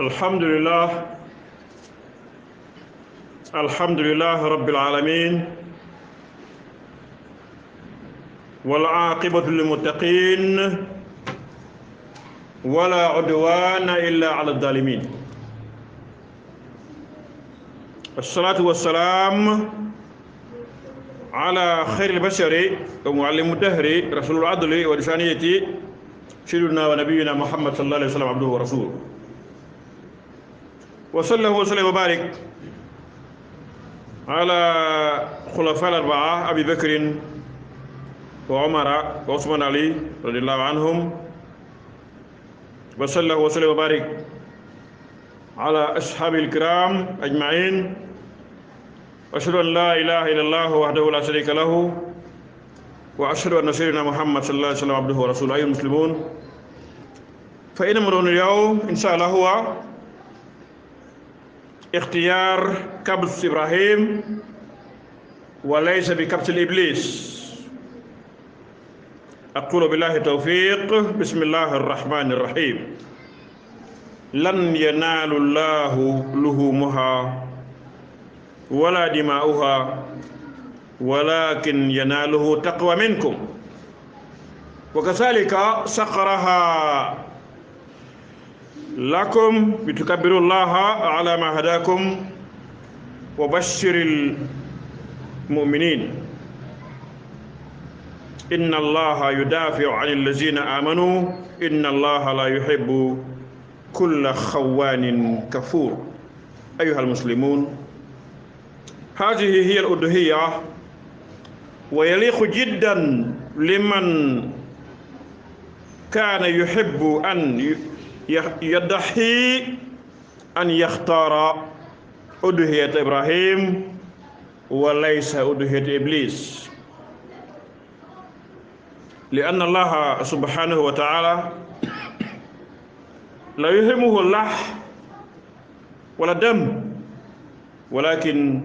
الحمد لله الحمد لله رب العالمين والعاقبة للمتقين ولا عدوان إلا على الظالمين الصلاة والسلام على خير البشر ومعلم الدهر رسول العدل ولسانية سيدنا ونبينا محمد صلى الله عليه وسلم عبده ورسوله وصلى وسلم وبارك على خلفاء الأربعة أبي بكر وعمر وعثمان علي رضي الله عنهم وصلى وسلم وبارك على أصحاب الكرام أجمعين وأشهد أن لا إله إلا الله وحده لا شريك له وأشهد أن سيدنا محمد صلى الله عليه وسلم عبده ورسوله أيها المسلمون فإن مرون اليوم إن شاء الله هو اختيار كبس إبراهيم وليس بكبس الإبليس أقول بالله توفيق بسم الله الرحمن الرحيم لن ينال الله لهمها ولا دماؤها ولكن يناله تقوى منكم وكذلك سقرها لكم بتكبروا الله على ما هداكم وبشر المؤمنين إن الله يدافع عن الذين آمنوا إن الله لا يحب كل خوان كفور أيها المسلمون هذه هي الأدهية ويليق جدا لمن كان يحب أن يدحي أن يختار أدهية إبراهيم وليس أدهية إبليس لأن الله سبحانه وتعالى لا يهمه الله ولا دم ولكن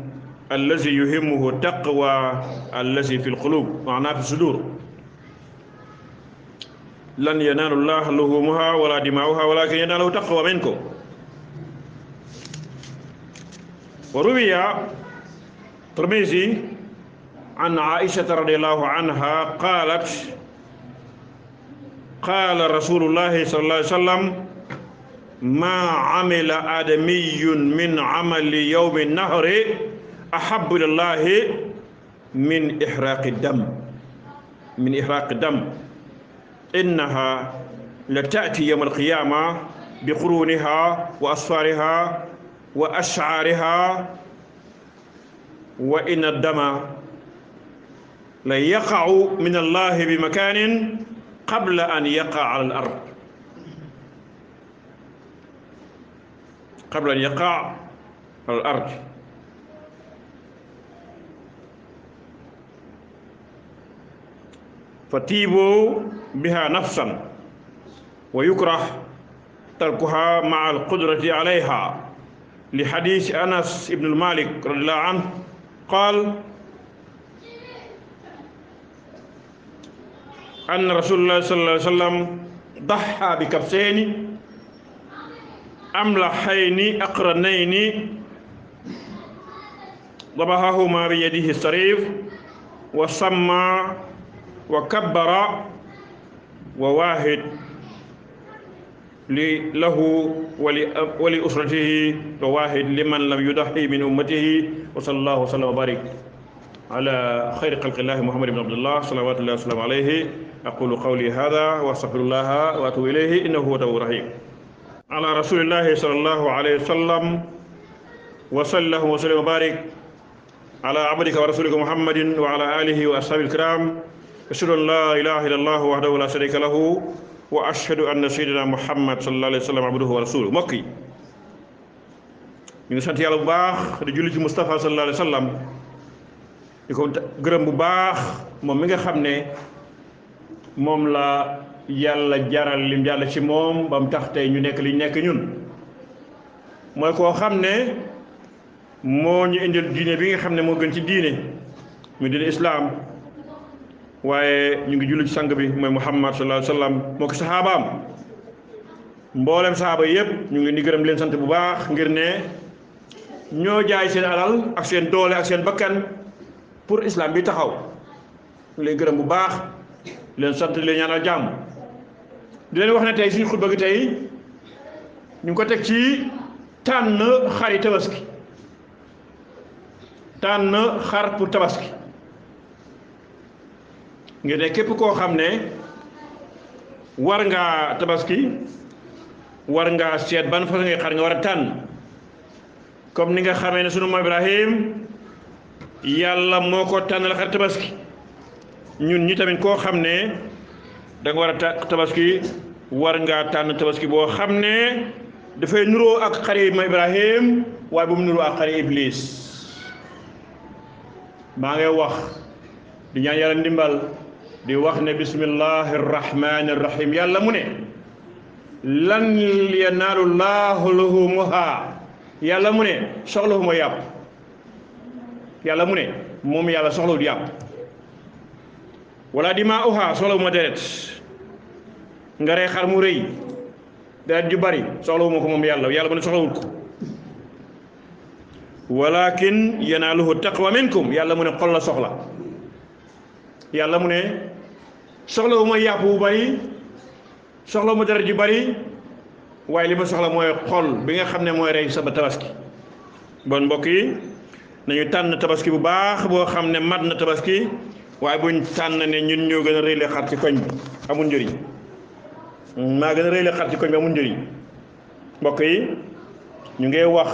الذي يهمه التقوى الذي في القلوب معناه في الصدور لن ينال الله لهمها ولا دماؤها ولكن يناله تقوى منكم وروي ترمزي عن عائشة رضي الله عنها قالت قال رسول الله صلى الله عليه وسلم ما عمل آدمي من عمل يوم النهر أحب لله من إحراق الدم من إحراق الدم إنها لتأتي يوم القيامة بقرونها وأصفارها وأشعارها وإن الدم ليقع من الله بمكان قبل أن يقع على الأرض قبل أن يقع على الأرض فتيبوا بها نفسا ويكره تركها مع القدرة عليها لحديث أنس بن مالك رضي الله عنه قال أن رسول الله صلى الله عليه وسلم ضحى بكبسين أملحين أقرنين ضبهاهما بيده الشريف وسمى وكبر وواحد له ولأسرته وواحد لمن لم يضحي من أمته وصلى الله وسلم وبارك على خير خلق الله محمد بن عبد الله صلوات الله وسلم عليه أقول قولي هذا وأستغفر الله وأتوب إليه إنه هو التواب الرحيم على رسول الله صلى الله عليه وسلم وصلى الله وسلم وبارك على عبدك ورسولك محمد وعلى آله وأصحابه الكرام أشهد أن لا إله إلا الله وحده لا شريك له وأشهد أن سيدنا محمد صلى الله عليه وسلم عبده ورسوله مكي ñu ngi sant yàlla bu baax di julli ci Moustapha sallallahu alayhi wa sallam di ko gërëm bu baax moom mi nga xam ne moom la yàlla jaral lim yàlla ci moom ba mu tax tey ñu nekk li ñu nekk ñun mooy koo xam ne moo ñu indil diine bi nga xam ne moo gën ci diine mu diine islaam waaye ñu ngi julli ci sang bi mooy muhammad sallallahu alayhi wa sallam moo ko saxaabaam mboolem saxaaba yëpp ñu ngi leen di gërëm leen sant bu baax ngir ne ñoo jaay seen alal ak seen doole ak seen bakkan pour islaam bi taxaw ñu leen gërëm bu baax leen sant leen ñaanal jàmm di leen wax na tey suñu xutba gi tey ñu ngi ko teg ci tànn xari tabaski tànn xar pour tabaski ngir ne képp koo xam ne war nga tabaski war nga seet ban façon ngay xar nga war a tànn comme ni nga xamee ne sunu ibrahim yàlla moo ko tànnal xar tabaski ñun ñi tamit koo xam ne da nga war a tabaski war nga tànn tabaski boo xam ne dafay nuroo ak xare ma ibrahim waaye bu mu ak xare iblis maa ngay wax di ñaan yàlla ndimbal di wax ne bismillahi rrahmani rrahim yàlla mu ne lan yanaalu laahu luhumuha yàlla mu ne soxlawuma yàpp yàlla mu ne moom yàlla soxlawul yàpp wala dimaa'uha soxlawuma deret nga rey xar mu rëy deret ju bari soxlawuma ko moom yàlla yàlla mu ne soxlawul ko walakin yanaaluhu taqwa minkum yàlla mu ne xol la soxla yàlla mu soxla wu ma yàpp bu bari soxla bu ma dara ju bari waaye li ma soxla mooy xol bi nga xam ne mooy rey sama tabaski bon mbokk yi nañu tànn tabaski bu baax boo xam ne mat na tabaski waaye buñ tànn ne ñun ñoo gën a rëy le xar ci koñ bi amul njëriñ maa gën koñ bi amul mbokk yi ñu ngay wax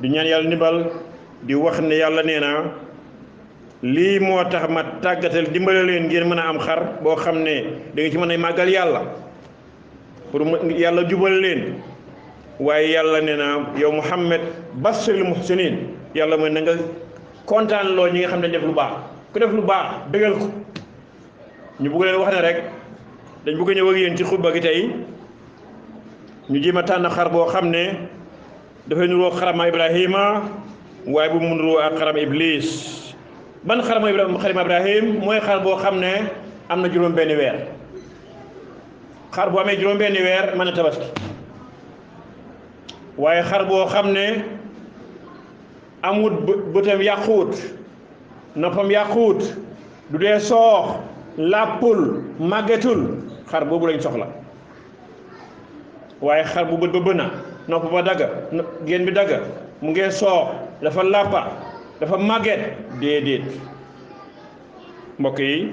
di ñaan yàlla ndimbal di wax ne yàlla nee na lii moo tax ma tàggatal dimbale leen ngir mën a am xar boo xam ne da ci mën a màggal yàlla pour yàlla jubal leen waaye yàlla ne na yow Muhammad basril muhsinin yàlla mooy na nga kontaan loo ñi nga xam ne def lu baax ku def lu baax bégal ko ñu bëgg leen wax ne rek dañ bëgg ñëw ak yéen ci xutba gi tey ñu jéem a tànn xar boo xam ne dafay nuroo xarama Ibrahima waaye bu mu nuroo ak xarama Iblis. ban xar mooy xarim Ibrahim moy xar bo xamne amna am ben juróom xar bo amé juróom ben weer man tabaski waye xar bo xamne ne amut bëtam yàquwut noppam yàquwut du sox soox làppul màggetul xar bu lañ soxla waye xar bu bët ba bëna ba daga gën bi daga mu sox dafa lapa dafa màgget dedet mbok yi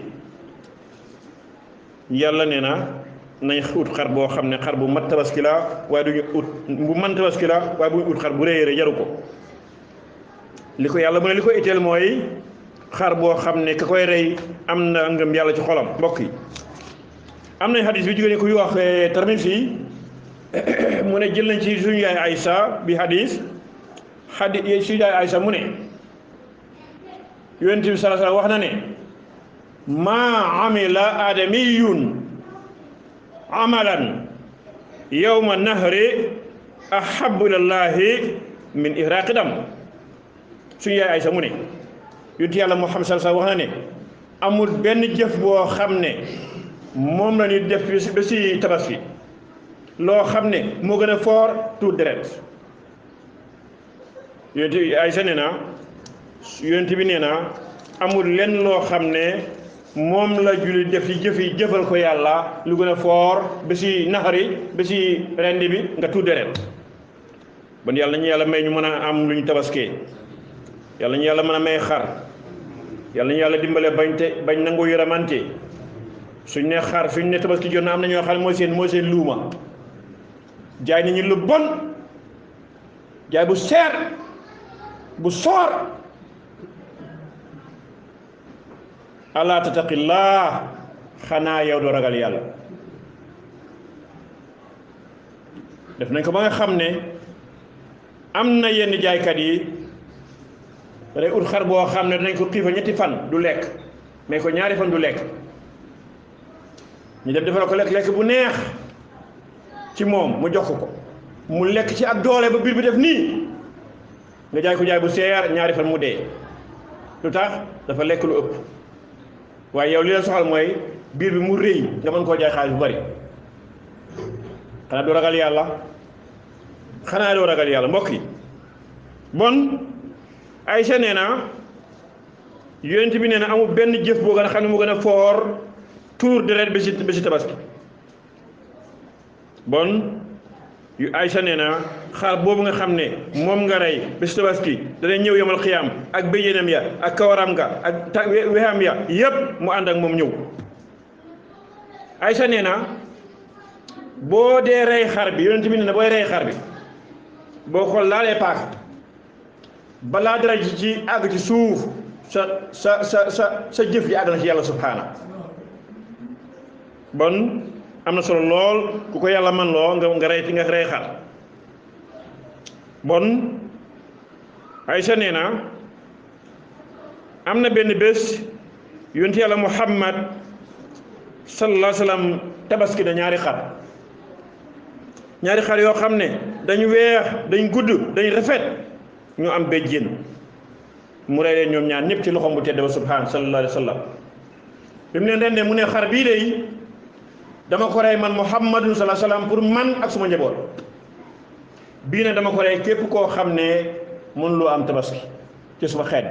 yàlla neena na nañ ut xar bo xamne xar bu mat tabaski la duñu ut bu man tabaski la bu ut xar bu reey reey ko liko yàlla mo liko etel moy xar bo xamne ka koy reey amna ngam yàlla ci xolam mbok yi amna hadith bi jigeene ko yu wax tarmit fii mu jël nañ ci suñu yaay Aysa bi hadith hadith xadis suñu yaay Aysa mune yonent bi sallallahu alayhi wa sallam wax na ne maa amila aadamiyun amalan yawma nahri ahabu ilallahi min iraqi dam suñu yaay Aysa mu ne yonent yàlla Muhammad sallallahu alayhi wa sallam wax na ne amul benn jëf boo xam ne moom la ñuy def ba si tabaski loo xam ne moo gën a foor tuur deret yonent Aysa ne na yonent bi nee na amul lenn loo xam ne moom la jullit def ci jëf yi jëfal ko yàlla lu gën a foor ba si naxari ba si rendi bi nga tuur deret bon yàlla ñu yàlla may ñu mën a am lu ñu tabaskee yàlla ñu yàlla mën a may xar yàlla ñu yàlla dimbale bañ te bañ nangu yërëmante suñ ne xar fi ñu ne tabaski jot na am na ñoo xam ne mooy seen mooy seen luuma jaay nañu lu bon jaay bu seer bu soor ala tattaqillah xanaa yow doo ragal yàlla def nañ ko ba nga xam ne am na yenn jaaykat yi day ut xar boo xam ne dinañ ko xiifa ñetti fan du lekk mais ko ñaari fan du lekk ñu dem defal ko lekk lekk bu neex ci moom mu jox ko mu lekk ci ak doole ba biir bi def nii nga jaay ko jaay bu seer ñaari fan mu dee lu tax dafa lekk lu ëpp waaye yow li la soxal mooy biir bi mu rëy nga mën koo jaay xaalis bu bari xanaa doo ragal yàlla xanaa doo ragal yàlla mbokk yi bon ay nee na yonent bi nee na amul benn jëf boo gën a xam ne mu gën a foor tuur deret bi ci bi ci tabaski bon yu Aysa nee na xaar boobu nga xam ne moom nga rey bés tabaski dana ñëw yomal xiyaam ak béjjéenam ya ak kawaram ga ak ta wexam ya yépp mu ànd ak moom ñëw Aysa nee na boo dee rey xar bi yonent bi nee na booy rey xar bi boo xool laalee paaka balaa dara ji ci àgg ci suuf sa sa sa sa sa jëf yi àgg na ci yàlla subhaana bon am na solo lool ku ko yàlla man loo nga nga rey fi nga rey xar bon Aysa nee na am na benn bés yonent yàlla Muhammad sallallahu alayhi wa sallam tabaski da ñaari xar ñaari xar yoo xam ne dañ weex dañ gudd dañ rafet ñu am béjjén mu rey leen ñoom ñaar ñëpp ci loxoom bu tedd ba subhaan sallallahu alayhi wa bi mu leen rendee mu ne xar bii de dama ko ray man muhammadun sallallahu alaihi wasallam pour man ak suma njabot bi ne dama ko ray kep ko xamne mun lu am tabaski ci suma xed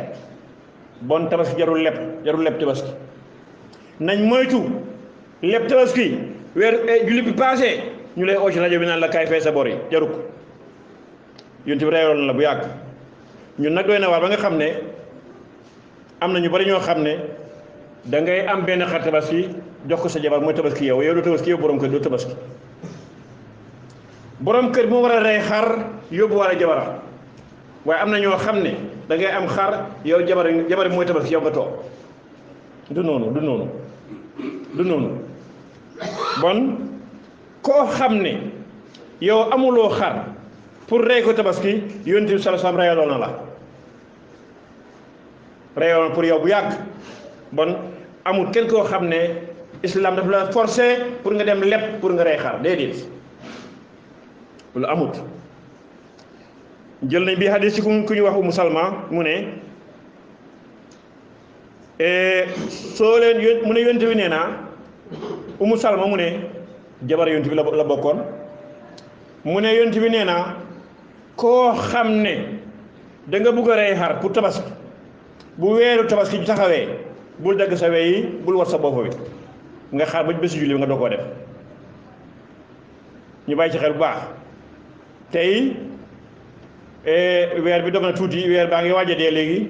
bon tabaski jarul lepp jarul lepp tabaski nañ moytu lepp tabaski weer eh, julli bi passé ñu lay oo radio rajo bi fay sa bori jaruk yonte bi la bu yak ñun nak doyna war ba nga xamne amna am ñu bari ño xamne da ngay am ben xar jox ko sa jabar mooy tabaski yow yow doo tabaski yow borom kër doo tabaski borom kër moo war a rey xar yóbbuwaale jabara waaye am na ñoo xam ne dangay am xar yow jabar jabar mooy tabaski yow nga toog du noonu du noonu du noonu bon koo xam ne yow amuloo xar pour rey ko tabaski yonent bi sallallahu la reyaloon pour yow bu yàgg bon amul kenn koo xam ne. islam daf la forcé pour nga dem lépp pour nga rey xar déedéet lu amut jël nañ bi hadis ci ku ñu wax Umu Salma mu ne e, soo leen yónni mu ne yónni nee naa Umu Salma mu ne jabar yónni bi la bokkoon mu ne yónni bi nee naa koo xam ne da nga bugg a rey xar pour tabaski bu weeru tabaski taxawee bul dagg sa wey bul war sa bopp nga xaar ba bésu julli bi nga doo ko def ñu bàyyi ci xel bu baax tey eh, weer bi dog na tuuti weer baa ngi waaja dee léegi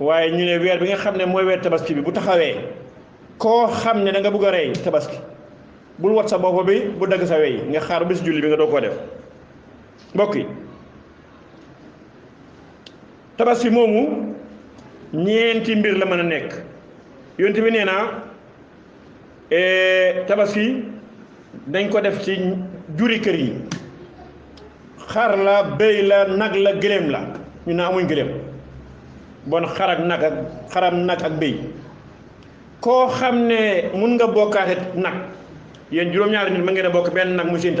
waaye ñu ne weer bi nga xam ne mooy weer tabaski bi bu taxawee koo xam ne danga nga bëgg a rey tabaski bul wat sa bopp bi bu dagg sa wey nga xaar bis julli bi nga doo ko def mbokk yi tabaski moomu ñeenti mbir la mën a nekk yonent bi nee naa tabaski dañ ko def ci juri kër yi xar la béy la nag la gëléem la ñu ne amuñ gëléem bon xar nag ak xaram nag ak béy koo xam ne mun nga bokkaate nag yéen juróom-ñaari nit mën bokk benn nag muy seen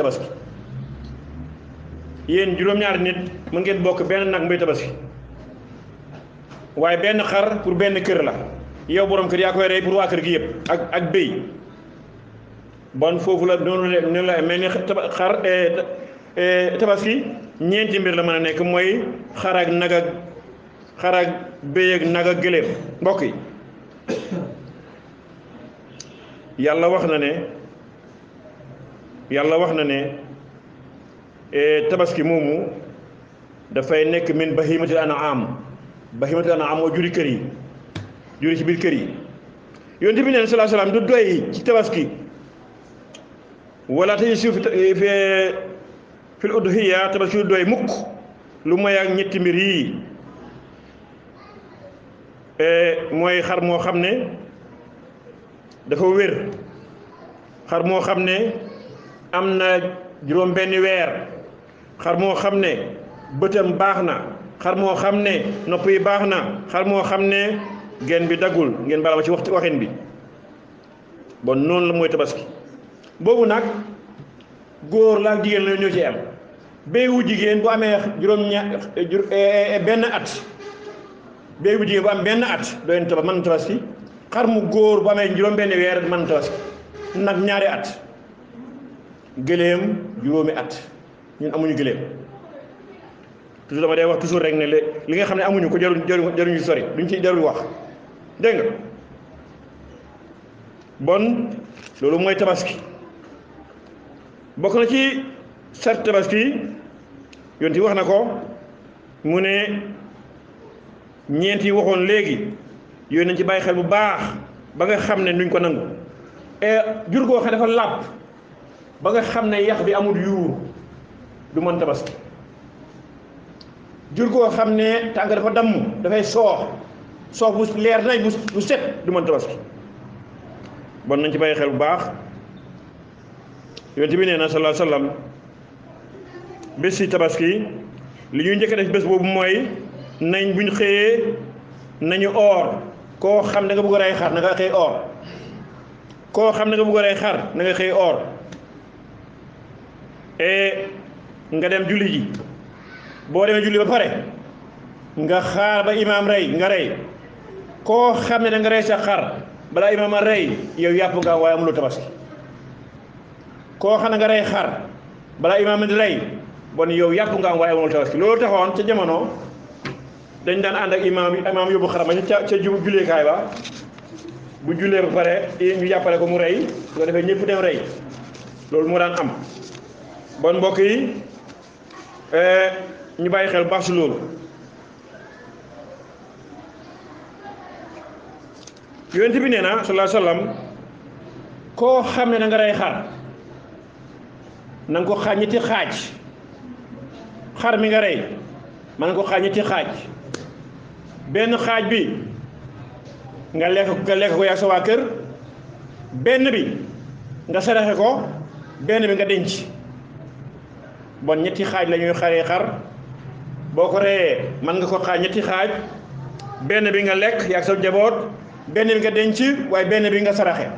yéen juróom nit mën ngeen bokk benn nag muy tabaski waaye benn xar pour benn kër la yow borom kër yaa koy rey pour waa kër gi yëpp ak ak béy bon foofu la noonu la noonu la mel ni xar eh, eh, tabaski ñeenti mbir la mën a nekk mooy xar nag ak xar ak ak nag ak gëléem mbokk yi yàlla wax na ne yàlla wax na ne eh, tabaski moomu dafay nekk min bahimatil anaam bahimatil anaam moo juri kër yi julli ci biir kër yi yonent bi neen salaa du doy ci tabaski wala tey suuf fi fil udhiya tabaski du doy mukk lu mooy ak ñetti mbir yii e, mooy xar moo xam ne dafa wér xar moo xam ne am na juróom benn weer xar moo xam ne bëtam baax na xar moo xam ne nopp baax na xar moo xam ne gen bi daggul ngeen baal ma ci waxtu waxin bi bon noonu la mooy tabaski boobu nag góor la ak jigéen la ñoo ci am béy wu jigéen bu amee juróom-ñaar eh, eh, eh, benn at béy wu jigéen bu am benn at doon tabaski xar mu góor bu amee juróom-benn weer mën tabaski nag ñaari at gëléem juróomi at ñun amuñu gëléem. toujours dama dee wax toujours rek ne li nga xam ne amuñu ko jaruñ jaruñu sori duñ ci jarul wax dégg nga bon loolu mooy tabaski bokk na ci sart tabaski yonti wax na ko mu ne ñeent yi waxoon léegi yooyu nañ ci bàyyi xel bu baax ba nga xam ne nuñ ko nangu e, jur goo xam dafa làpp ba nga xam ne yax bi amul yuur du mën tabaski jur goo xam ne tànk dafa damm dafay soox soox bu leer nañ bu set du mën tabaski bon nañ ci bàyyi xel bu baax yonent bi nee na sallallahu alayhi wasallam bés si tabaski li ñuy njëkk def bés boobu mooy nañ buñ xëyee nañu oor koo xam ne nga bëgg a rey xar na nga xëy oor koo xam ne nga xar na nga xëy nga dem julli ji boo demee julli ba pare nga xaar ba imaam rey nga rey koo xam ne da nga rey sa xar balaa imaam a rey yow yàpp nga waaye amuloo tabaski koo xam ne nga rey xar balaa imaam di rey bon yow yàpp nga am waaye amuloo tabaski loolu taxoon ca jamono dañ daan ànd ak imaam imaam yóbbu xaram ba ca ca julleekaay ba bu jullee ba pare ñu jàppale ko mu rey su ko defee ñëpp dem rey loolu moo daan am bon mbokk yi eh, ñu bàyyi xel baax si loolu yonent bi nee na sallallahu alayhi wasallam koo xam ne na nga rey xar na ko xaaj ñetti xaaj xar mi nga rey man nga ko xaaj ñetti xaaj benn xaaj bi nga lekk nga lekk ko yaa sa waa kër benn bi nga saraxe ko benn bi nga denc bon ñetti xaaj la ñuy xaree xar boo ko reyee mën nga ko xaaj ñetti xaaj benn bi nga lekk yaag sa njaboot benn bi nga denc waaye benn bi nga saraxe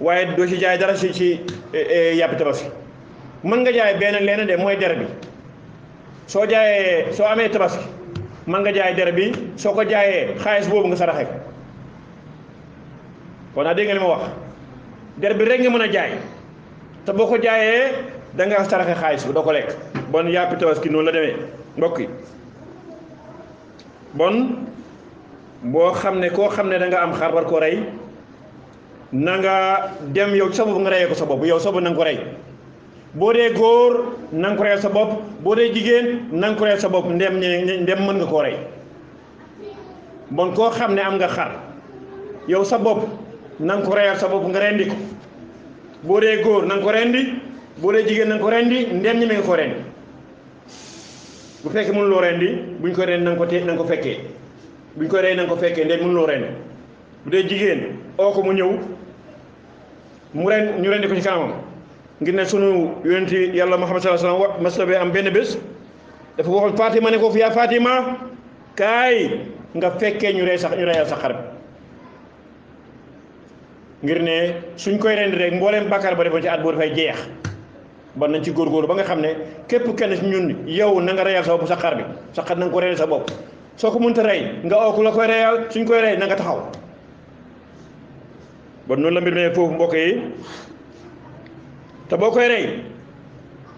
waaye doo ci jaay dara si ci eh, eh, yàpp tabaski mën nga jaay benn lenn de mooy der bi soo jaayee soo amee tabaski mën nga jaay der bi soo ko jaayee xaalis boobu nga saraxe ko kon naa dégg nga li ma wax der bi rek nga mën a jaay te boo ko jaayee da nga saraxe xaalis bu doo ko lekk bon yàpp tabaski noonu la demee mbokk yi bon boo xam ne koo xam ne danga am xar war koo rey nanga dem yow sa bopp nga reyee ko sa bopp yow sa bopp na ko rey boo dee góor na nga sa bopp boo dee jigéen na nga ko reyal sa bopp ndem ndem mën nga koo rey bon koo xam ne am nga xar yow sa bopp na nga ko reyal sa bopp nga rendi ko boo dee góor na nga ko rendi boo dee jigéen na nga ko rendi ndem ñi nga ko rendi bu fekkee mun loo rendi buñ ko rendi na ko te na ko fekkee buñ ko rey na ko fekkee ndee mun loo rendi bu dee jigéen oo ko mu ñëw mu ren ñu rendi ko ci kanamam ngir ne sunu yonenti yàlla muhammad sallallahu salam masla bi am benn bés dafa waxoon fatima ne ko fi yaa fatima kaay nga fekkee ñu rey sax ñu reyal sa xar bi ngir ne suñ koy rendi rek mbooleem bakkar ba defoon ci at bu dafay jeex ba nañ ci góorgóorlu ba nga xam ne képp kenn ci ñun yow na nga reyal sa bopp sa xar bi sa xar na ko reyal sa bopp soo ko mënta rey nga ko la koy reyal suñ koy rey na nga taxaw ba noonu la mbir mee foofu mbokk yi te boo koy rey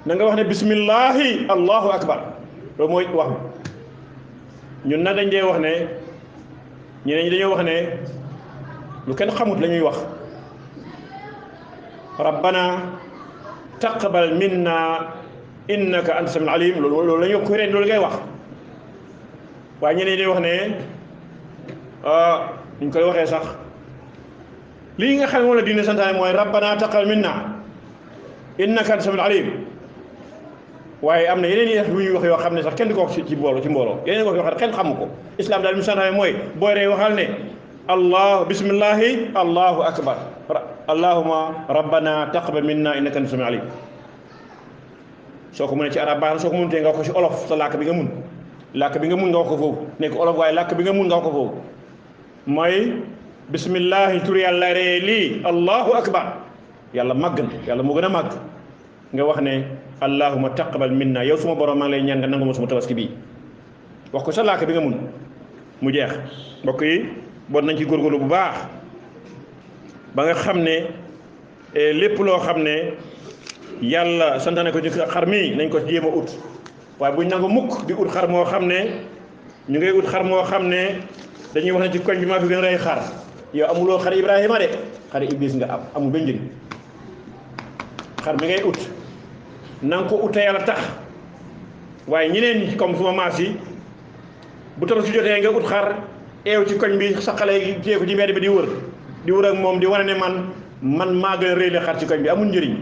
na wax ne bismillahi allahu akbar loolu mooy wax bi ñun na dañ dee wax ne ñeneen ñi dañoo wax ne lu kenn xamut lañuy wax rabbana تقبل منا انك انت السميع العليم لولو لا يكورين لول جاي واخ وا ني ني دي واخ ني اه نكاي واخي صاح ليغا خا مولا دين سانتاي موي ربنا تقبل منا انك انت السميع العليم واي امنا يينين يخ وي واخ يو خا ني صاح كين ديكو سي بولو سي مبولو يينين واخ يو خا كين خامكو اسلام دا مسانتاي موي بو ري واخال ني الله بسم الله الله اكبر allahuma rabbana taqabbal minna innaka anta samiul alim soo ko mënee ci arab baax na soo ko mënutee nga wax ko ci olof sa làkk bi nga mun làkk bi nga mun nga wax ko foofu nekk bi nga mun nga ko foofu mooy bismillahi tur yàlla ree lii allahu akbar yàlla màgg na yàlla moo gën a màgg nga wax ne allahuma taqabal minna yow suma borom maa ngi lay ñaan nga nangu ma suma tabaski bii wax ko sa làkk bi nga mun mu jeex mbokk yi nañ ci góorgóorlu bu baax ba nga xam ne eh, lépp loo xam ne yàlla santaane ko ci xar mii nañ ko jéem a ut waaye buñ nangu mukk di ut xar moo xam ne ñu ngay ut xar moo xam ne dañuy wax ne ci koñ bi maa fi gën rey xar yow amuloo xar Ibrahima de xar Iblis nga am amul benn njëriñ xar mi ngay ut na nga ko ut te yàlla tax waaye ñeneen comme suma maas yi bu tax su jotee nga ut xar eew ci koñ bi sa xale yi jéego ci mbedd bi di wër. di wër ak moom di wane ne man man ma gën reele xar ci koñ bi amul njëriñ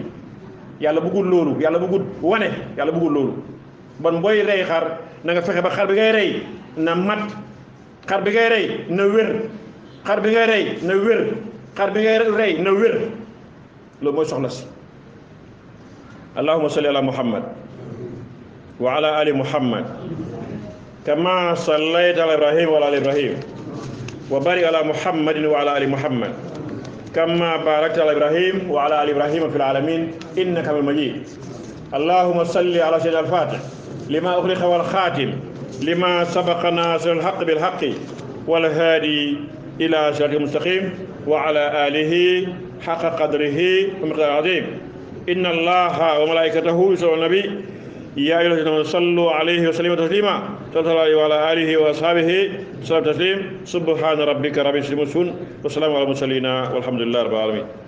yàlla bëggul loolu yàlla bëggul wone yàlla bëggul loolu bon boy rey xar na nga fexe ba xar bi ngay rey na mat xar bi ngay rey na wër xar bi ngay rey na wër xar bi ngay rey na wër loolu mooy soxla si allahuma salli ala muhammad wa ala ali muhammad kama sallayta ala ibrahim wa ala ali ibrahim وبارك على محمد وعلى آل محمد كما باركت على إبراهيم وعلى آل إبراهيم في العالمين إنك من مجيد اللهم صل على سيدنا الفاتح لما أغلق والخاتم لما سبق ناصر الحق بالحق والهادي إلى صراط المستقيم وعلى آله حق قدره ومقدار عظيم إن الله وملائكته يصلون النبي يا أيها الذين صلوا عليه وسلموا تسليما صلى الله عليه وعلى آله وأصحابه سلام تسليم سبحان ربك رب العزة والسلام على المرسلين والحمد لله رب العالمين